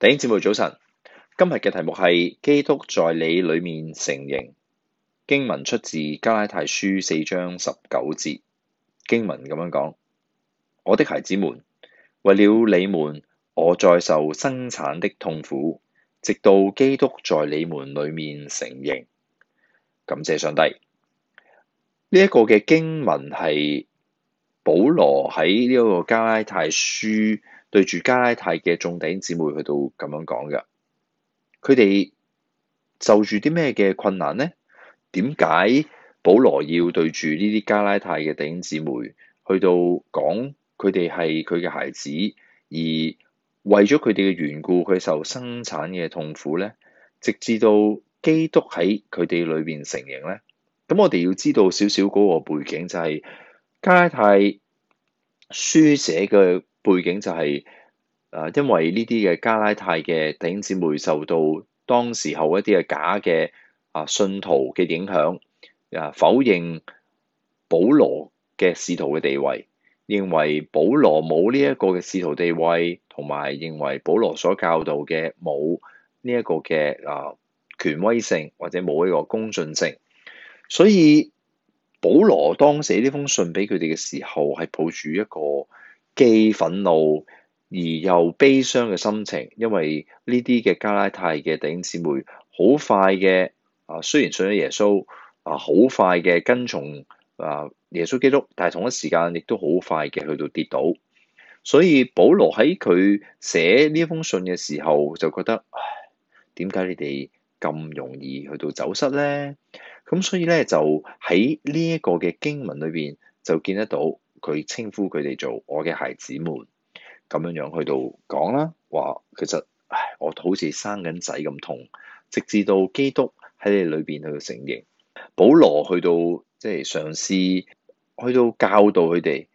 弟兄姐妹早晨，今日嘅題目係基督在你裏面成形。經文出自加拉太書四章十九節。經文咁樣講：我的孩子們，為了你們，我再受生產的痛苦，直到基督在你們裏面成形。感謝上帝，呢、這、一個嘅經文係保羅喺呢一個加拉太書。對住加拉太嘅眾弟兄姊妹去到咁樣講嘅，佢哋就住啲咩嘅困難呢？點解保羅要對住呢啲加拉太嘅弟兄姊妹去到講佢哋係佢嘅孩子，而為咗佢哋嘅緣故佢受生產嘅痛苦呢？直至到基督喺佢哋裏邊成形呢。咁我哋要知道少少嗰個背景就係、是、加拉太書寫嘅。背景就係啊，因為呢啲嘅加拉太嘅弟兄姊妹受到當時候一啲嘅假嘅啊信徒嘅影響啊，否認保羅嘅使徒嘅地位，認為保羅冇呢一個嘅使徒地位，同埋認為保羅所教導嘅冇呢一個嘅啊權威性或者冇一個公信性，所以保羅當寫呢封信俾佢哋嘅時候，係抱住一個既憤怒而又悲傷嘅心情，因為呢啲嘅加拉太嘅弟兄姊妹好快嘅啊，雖然信咗耶穌啊，好快嘅跟從啊耶穌基督，但係同一時間亦都好快嘅去到跌倒。所以保羅喺佢寫呢一封信嘅時候，就覺得唉，點解你哋咁容易去到走失咧？咁所以咧就喺呢一個嘅經文裏邊就見得到。佢稱呼佢哋做我嘅孩子們，咁樣樣去到講啦，話其實唉我好似生緊仔咁痛，直至到基督喺你裏邊去到成形。保羅去到即係嘗試去到教導佢哋，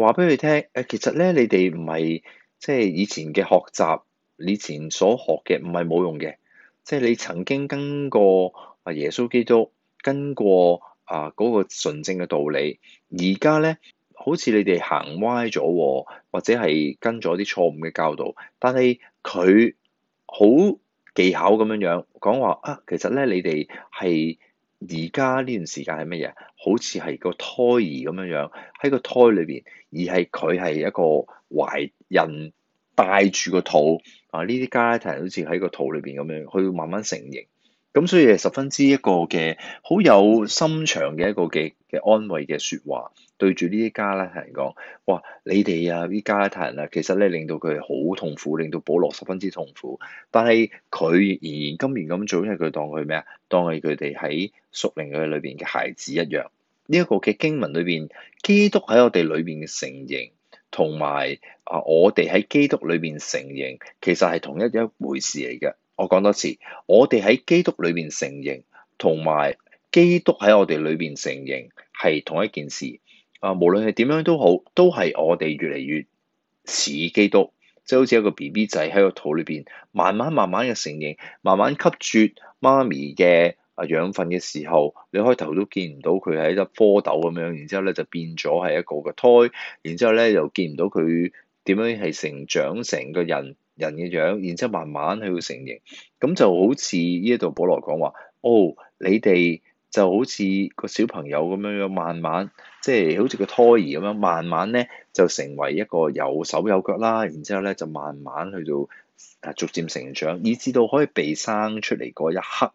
話俾佢哋聽，誒其實咧，你哋唔係即係以前嘅學習，以前所學嘅唔係冇用嘅，即係你曾經跟過啊耶穌基督，跟過啊嗰個純正嘅道理，而家咧。好似你哋行歪咗，或者係跟咗啲錯誤嘅教導，但係佢好技巧咁樣樣講話啊。其實咧，你哋係而家呢段時間係乜嘢？好似係個胎兒咁樣樣喺個胎裏邊，而係佢係一個懷孕帶住個肚啊。呢啲加拉太人好似喺個肚裏邊咁樣，佢會慢慢成形。咁、嗯、所以係十分之一個嘅好有心腸嘅一個嘅嘅安慰嘅説話，對住呢啲加拉太人講，哇！你哋啊，啲加拉太人啊，其實咧令到佢好痛苦，令到保羅十分之痛苦。但係佢仍然今年咁做，因為佢當佢咩啊？當係佢哋喺屬靈嘅裏邊嘅孩子一樣。呢、這、一個嘅經文裏邊，基督喺我哋裏邊嘅成形，同埋啊我哋喺基督裏邊成形，其實係同一一回事嚟嘅。我講多次，我哋喺基督裏邊成形，同埋基督喺我哋裏邊成形，係同一件事啊！無論係點樣都好，都係我哋越嚟越似基督，即係好似一個 B B 仔喺個肚裏邊，慢慢慢慢嘅成形，慢慢吸住媽咪嘅啊養分嘅時候，你開頭都見唔到佢係一粒蝌蚪咁樣，然之後咧就變咗係一個嘅胎，然之後咧又見唔到佢點樣係成長成個人。人嘅樣，然之後慢慢去到成形，咁就好似呢一度保羅講話，哦，你哋就好似個小朋友咁樣樣，慢慢即係、就是、好似個胎兒咁樣，慢慢咧就成為一個有手有腳啦，然之後咧就慢慢去到啊逐漸成長，以至到可以被生出嚟嗰一刻。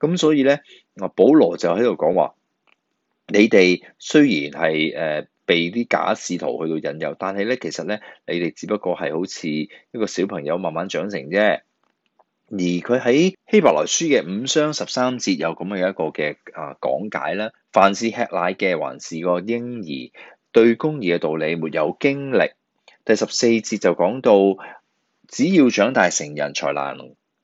咁所以咧，啊保羅就喺度講話，你哋雖然係誒。呃被啲假使徒去到引誘，但係咧，其實咧，你哋只不過係好似一個小朋友慢慢長成啫。而佢喺希伯來書嘅五章十三節有咁嘅一個嘅啊講解啦。凡是吃奶嘅還是個嬰兒，對公義嘅道理沒有經歷。第十四節就講到，只要長大成人才能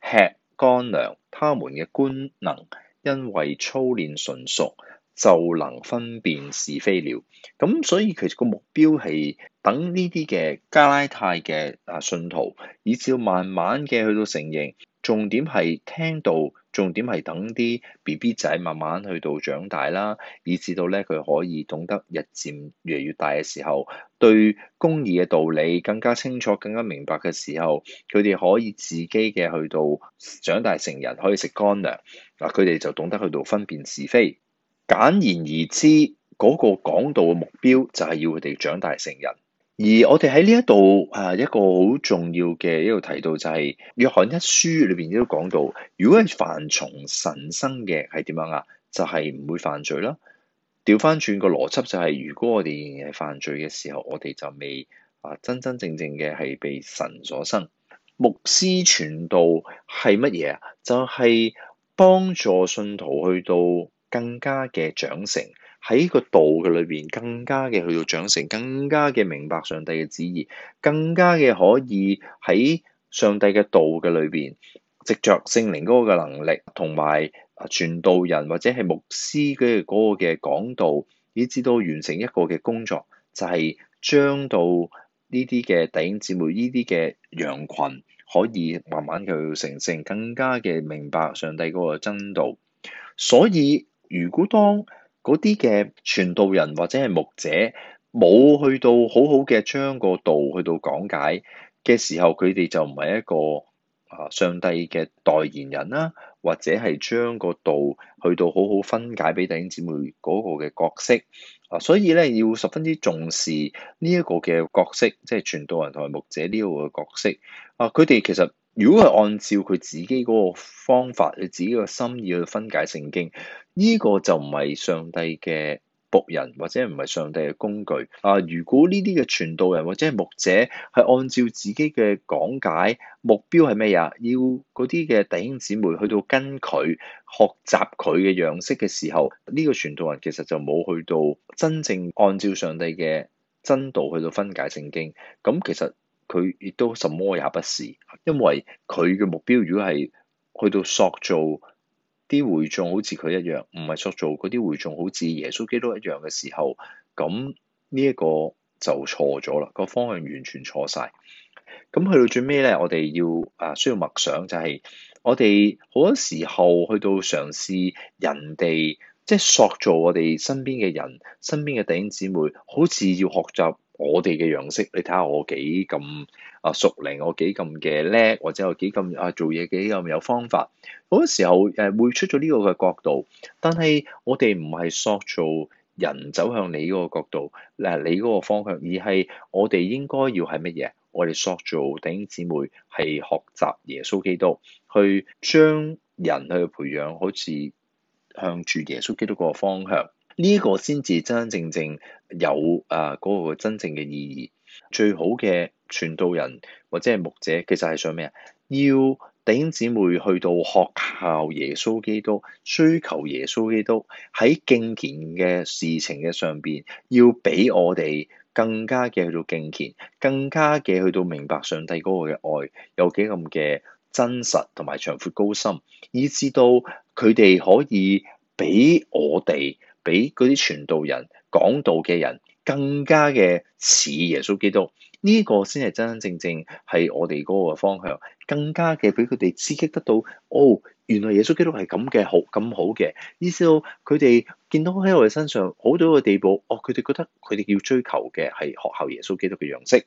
吃乾糧，他們嘅官能因為操練純熟。就能分辨是非了。咁所以其實個目標係等呢啲嘅加拉太嘅啊信徒，以至慢慢嘅去到成形。重點係聽到，重點係等啲 B B 仔慢慢去到長大啦，以至到咧佢可以懂得日漸越嚟越大嘅時候，對公義嘅道理更加清楚、更加明白嘅時候，佢哋可以自己嘅去到長大成人，可以食乾糧。嗱，佢哋就懂得去到分辨是非。簡言而知，嗰、那個講道嘅目標就係要佢哋長大成人。而我哋喺呢一度誒，一個好重要嘅一路提到就係、是、約翰一書裏邊亦都講到，如果係凡從神生嘅係點樣啊？就係、是、唔會犯罪啦。調翻轉個邏輯就係、是，如果我哋係犯罪嘅時候，我哋就未啊，真真正正嘅係被神所生。牧師傳道係乜嘢啊？就係、是、幫助信徒去到。更加嘅長成喺個道嘅裏邊，更加嘅去到長成，更加嘅明白上帝嘅旨意，更加嘅可以喺上帝嘅道嘅裏邊，藉著聖靈嗰個嘅能力，同埋傳道人或者係牧師嘅嗰個嘅講道，以至到完成一個嘅工作，就係、是、將到呢啲嘅弟兄姊妹，呢啲嘅羊群，可以慢慢去到成聖，更加嘅明白上帝嗰個真道，所以。如果當嗰啲嘅傳道人或者係牧者冇去到好好嘅將個道去到講解嘅時候，佢哋就唔係一個啊上帝嘅代言人啦，或者係將個道去到好好分解俾弟兄姊妹嗰個嘅角色啊，所以咧，要十分之重視呢一個嘅角色，即係傳道人同埋牧者呢個嘅角色啊，佢哋其實如果係按照佢自己嗰個方法，佢自己個心意去分解聖經。呢個就唔係上帝嘅僕人，或者唔係上帝嘅工具。啊，如果呢啲嘅傳道人或者係牧者係按照自己嘅講解，目標係咩嘢？要嗰啲嘅弟兄姊妹去到跟佢學習佢嘅樣式嘅時候，呢個傳道人其實就冇去到真正按照上帝嘅真道去到分解聖經。咁其實佢亦都什麼也不是，因為佢嘅目標如果係去到塑造。啲會眾好似佢一樣，唔係塑造嗰啲會眾好似耶穌基督一樣嘅時候，咁呢一個就錯咗啦，個方向完全錯晒。咁去到最尾咧，我哋要啊需要默想、就係，就係我哋好多時候去到嘗試人哋，即、就、係、係、塑造我哋身邊嘅人、身邊嘅弟兄姊妹，好似要學習，我哋嘅樣式，你睇下我幾咁啊熟練，我幾咁嘅叻，或者我幾咁啊做嘢幾咁有方法。好多時候誒會出咗呢個嘅角度，但係我哋唔係塑造人走向你嗰個角度，誒你嗰個方向，而係我哋應該要係乜嘢？我哋塑造弟兄姊妹係學習耶穌基督，去將人去培養，好似向住耶穌基督個方向。呢個先至真真正正有啊嗰個真正嘅意義。最好嘅傳道人或者係牧者，其實係想咩啊？要弟兄姊妹去到學校，耶穌基督追求耶穌基督喺敬虔嘅事情嘅上邊，要俾我哋更加嘅去到敬虔，更加嘅去到明白上帝嗰個嘅愛有幾咁嘅真實同埋長闊高深，以至到佢哋可以俾我哋。俾嗰啲傳道人講道嘅人更加嘅似耶穌基督，呢個先係真真正正係我哋嗰個方向，更加嘅俾佢哋刺激得到哦，原來耶穌基督係咁嘅好咁好嘅。意思係佢哋見到喺我哋身上好到一個地步，哦，佢哋覺得佢哋要追求嘅係學效耶穌基督嘅樣式，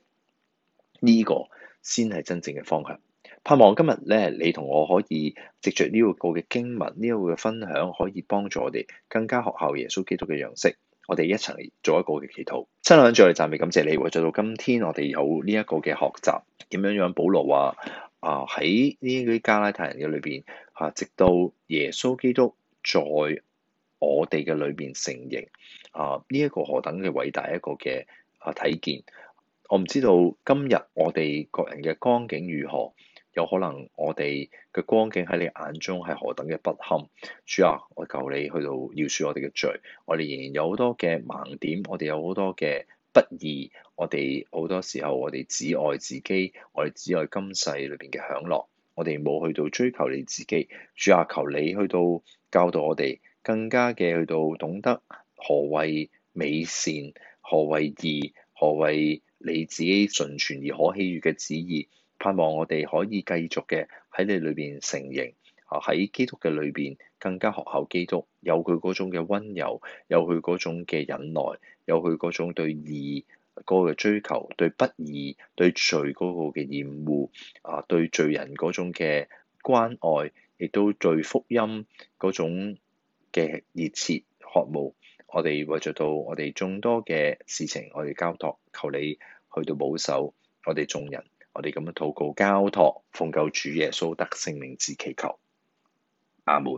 呢個先係真正嘅方向。盼望今日咧，你同我可以藉著呢一個嘅經文，呢、這、一個嘅分享，可以幫助我哋更加學效耶穌基督嘅樣式。我哋一齊做一個嘅祈禱。親愛嘅眾位，暫別感謝你。為咗到今天我，我哋有呢一個嘅學習，點樣樣？保羅話啊，喺呢啲加拉太人嘅裏邊嚇，直到耶穌基督在我哋嘅裏邊成形啊！呢、這、一個何等嘅偉大一個嘅啊體見。我唔知道今日我哋各人嘅光景如何。有可能我哋嘅光景喺你眼中係何等嘅不堪，主啊，我求你去到饒恕我哋嘅罪，我哋仍然有好多嘅盲點，我哋有好多嘅不義，我哋好多時候我哋只愛自己，我哋只愛今世裏邊嘅享樂，我哋冇去到追求你自己，主啊，求你去到教導我哋更加嘅去到懂得何謂美善，何謂義，何謂你自己純全而可喜悅嘅旨意。盼望我哋可以繼續嘅喺你裏邊成形啊，喺基督嘅裏邊更加學效基督，有佢嗰種嘅溫柔，有佢嗰種嘅忍耐，有佢嗰種對義嗰個追求，對不義對罪嗰個嘅厭惡啊，對罪人嗰種嘅關愛，亦都對福音嗰種嘅熱切渴慕。我哋為著到我哋眾多嘅事情，我哋交託，求你去到保守我哋眾人。我哋咁樣禱告交託，奉救主耶穌得勝聖名祈求，阿門。